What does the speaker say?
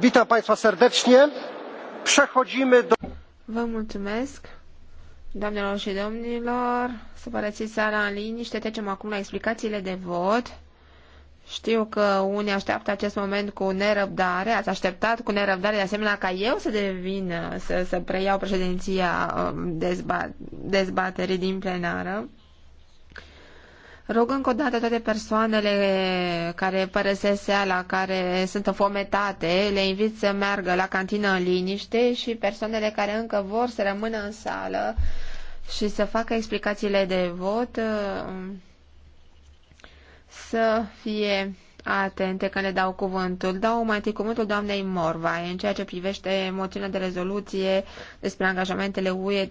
witam państwa serdecznie. przechodzimy do. vă mulțumesc doamnelor și domnilor să părăsiți sala în liniște trecem acum la explicațiile de vot știu că unii așteaptă acest moment cu nerăbdare ați așteptat cu nerăbdare de asemenea ca eu să devină să, să preiau președinția um, dezba, dezbaterii din plenară Rog încă o dată toate persoanele care părăsesc seala, care sunt înfometate, le invit să meargă la cantină în liniște și persoanele care încă vor să rămână în sală și să facă explicațiile de vot uh, să fie atente când le dau cuvântul. Dau mai întâi cuvântul doamnei Morva în ceea ce privește moțiunea de rezoluție despre angajamentele UE